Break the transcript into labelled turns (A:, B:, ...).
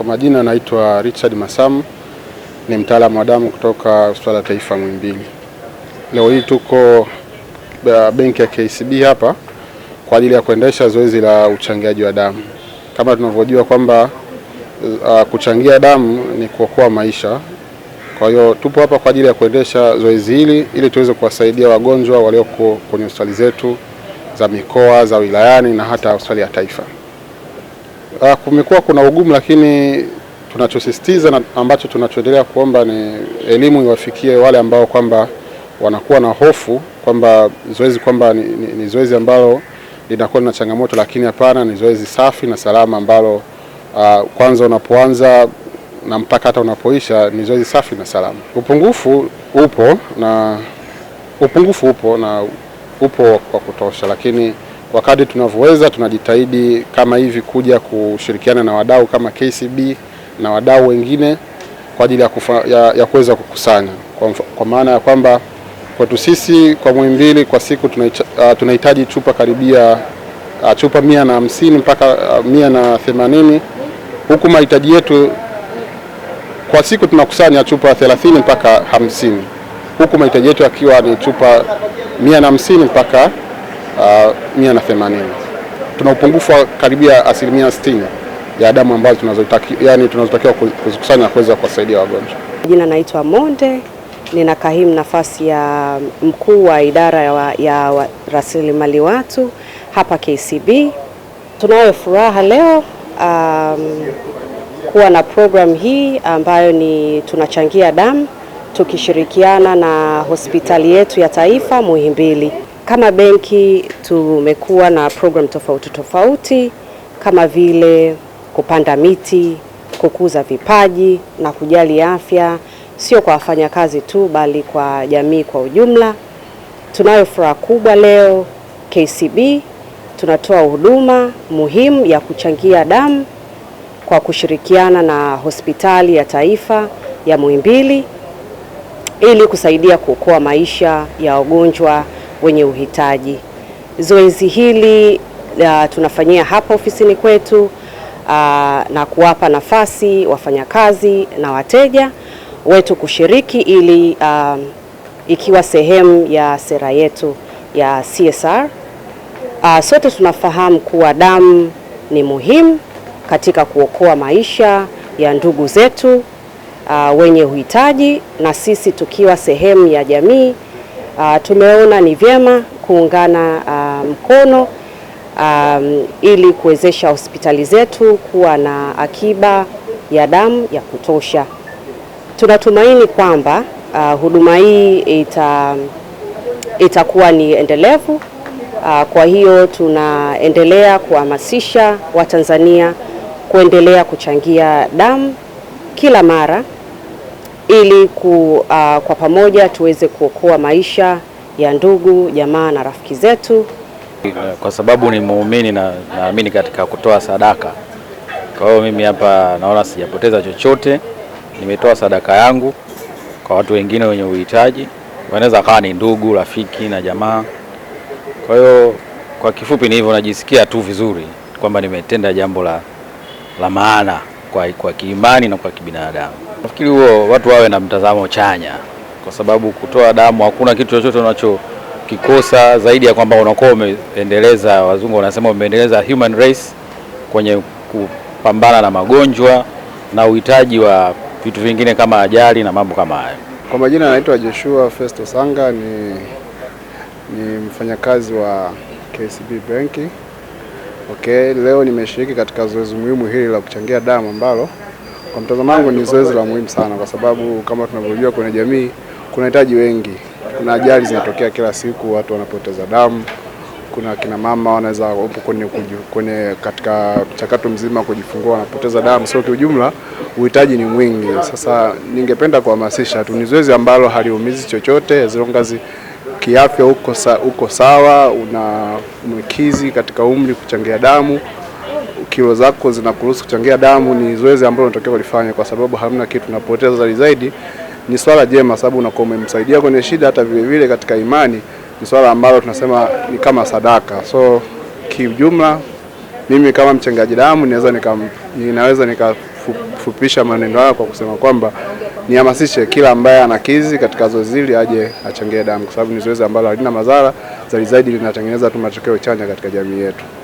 A: Kwa majina naitwa Richard Masamu, ni mtaalamu wa damu kutoka Hospitali ya Taifa Muhimbili. Leo hii tuko benki ya KCB hapa kwa ajili ya kuendesha zoezi la uchangiaji wa damu. Kama tunavyojua kwamba uh, kuchangia damu ni kuokoa maisha. Kwa hiyo tupo hapa kwa ajili ya kuendesha zoezi hili ili tuweze kuwasaidia wagonjwa walioko kwenye hospitali zetu za mikoa, za wilayani na hata hospitali ya taifa. Uh, kumekuwa kuna ugumu, lakini tunachosisitiza na ambacho tunachoendelea kuomba ni elimu iwafikie wale ambao kwamba wanakuwa na hofu kwamba zoezi kwamba ni, ni, ni zoezi ambalo linakuwa lina changamoto, lakini hapana, ni zoezi safi na salama ambalo uh, kwanza unapoanza na mpaka hata unapoisha ni zoezi safi na salama. Upungufu upo na upungufu upo na upo wa kutosha, lakini kwa tunavyoweza tunajitahidi kama hivi kuja kushirikiana na wadau kama KCB na wadau wengine kwa ajili ya, ya, ya kuweza kukusanya kwa, kwa maana ya kwamba kwetu sisi kwa Muhimbili kwa siku tunahitaji uh, chupa karibia uh, chupa mia na hamsini mpaka uh, mia na themanini huku mahitaji yetu kwa siku tunakusanya chupa 30 mpaka hamsini huku mahitaji yetu yakiwa ni chupa mia na hamsini mpaka Uh, mia na themanini. Tuna upungufu wa karibia asilimia sitini ya damu ambazo tunazotakiwa yani tunazotakiwa kuzikusanya kuweza kuwasaidia wagonjwa.
B: Jina naitwa Monde, nina kahimu nafasi ya mkuu wa idara ya, ya rasilimali watu hapa KCB. Tunayo furaha leo um, kuwa na program hii ambayo ni tunachangia damu tukishirikiana na hospitali yetu ya taifa Muhimbili. Kama benki tumekuwa na program tofauti tofauti kama vile kupanda miti, kukuza vipaji na kujali afya, sio kwa wafanyakazi tu, bali kwa jamii kwa ujumla. Tunayo furaha kubwa leo KCB tunatoa huduma muhimu ya kuchangia damu kwa kushirikiana na hospitali ya taifa ya Muhimbili ili kusaidia kuokoa maisha ya wagonjwa wenye uhitaji. Zoezi hili uh, tunafanyia hapa ofisini kwetu uh, na kuwapa nafasi wafanyakazi na wateja wetu kushiriki ili uh, ikiwa sehemu ya sera yetu ya CSR. Uh, sote tunafahamu kuwa damu ni muhimu katika kuokoa maisha ya ndugu zetu uh, wenye uhitaji na sisi tukiwa sehemu ya jamii uh, tumeona ni vyema kuungana uh, mkono um, ili kuwezesha hospitali zetu kuwa na akiba ya damu ya kutosha. Tunatumaini kwamba uh, huduma hii ita itakuwa ni endelevu. Uh, kwa hiyo tunaendelea kuhamasisha Watanzania kuendelea kuchangia damu kila mara ili ku, uh, kwa pamoja tuweze kuokoa maisha ya ndugu jamaa na rafiki zetu.
C: Kwa sababu ni muumini na naamini katika kutoa sadaka, kwa hiyo mimi hapa naona sijapoteza chochote. Nimetoa sadaka yangu kwa watu wengine wenye uhitaji, wanaweza kawa ni ndugu, rafiki na jamaa. Kwa hiyo kwa kifupi ni hivyo, najisikia tu vizuri kwamba nimetenda jambo la, la maana kwa, kwa kiimani na kwa kibinadamu. Nafikiri huo watu wawe na mtazamo chanya, kwa sababu kutoa damu hakuna kitu chochote unachokikosa zaidi ya kwamba unakuwa umeendeleza, wazungu wanasema umeendeleza human race kwenye kupambana na magonjwa na uhitaji wa vitu vingine kama ajali na mambo kama hayo.
A: Kwa majina anaitwa Joshua Festo Sanga, ni, ni mfanyakazi wa KCB Benki. Okay, leo nimeshiriki katika zoezi muhimu hili la kuchangia damu ambalo kwa mtazamo wangu ni zoezi la muhimu sana, kwa sababu kama tunavyojua kwenye jamii kuna hitaji wengi, kuna ajali zinatokea kila siku, watu wanapoteza damu, kuna kina mama wanaweza upo kwenye, kwenye katika mchakato mzima kujifungua wanapoteza damu, so kiujumla uhitaji ni mwingi. Sasa ningependa kuhamasisha tu, ni zoezi ambalo haliumizi chochote as long as kiafya uko, sa, uko sawa, una mwekizi katika umri kuchangia damu kilo zako zinakuruhusu kuchangia damu, ni zoezi ambalo unatakiwa kulifanya, kwa sababu hamna kitu unapoteza zaidi zaidi. Ni swala jema, sababu unakuwa umemsaidia kwenye shida, hata vile vile katika imani ni swala ambalo tunasema ni kama sadaka. So kiujumla, mimi kama mchangaji damu naweza nika, ninaweza nikafupisha maneno hayo kwa kusema kwamba nihamasishe kila ambaye anakizi katika zoezi hili aje achangie damu, kwa sababu ni zoezi ambalo halina madhara zaidi zaidi, linatengeneza tu matokeo chanya katika jamii yetu.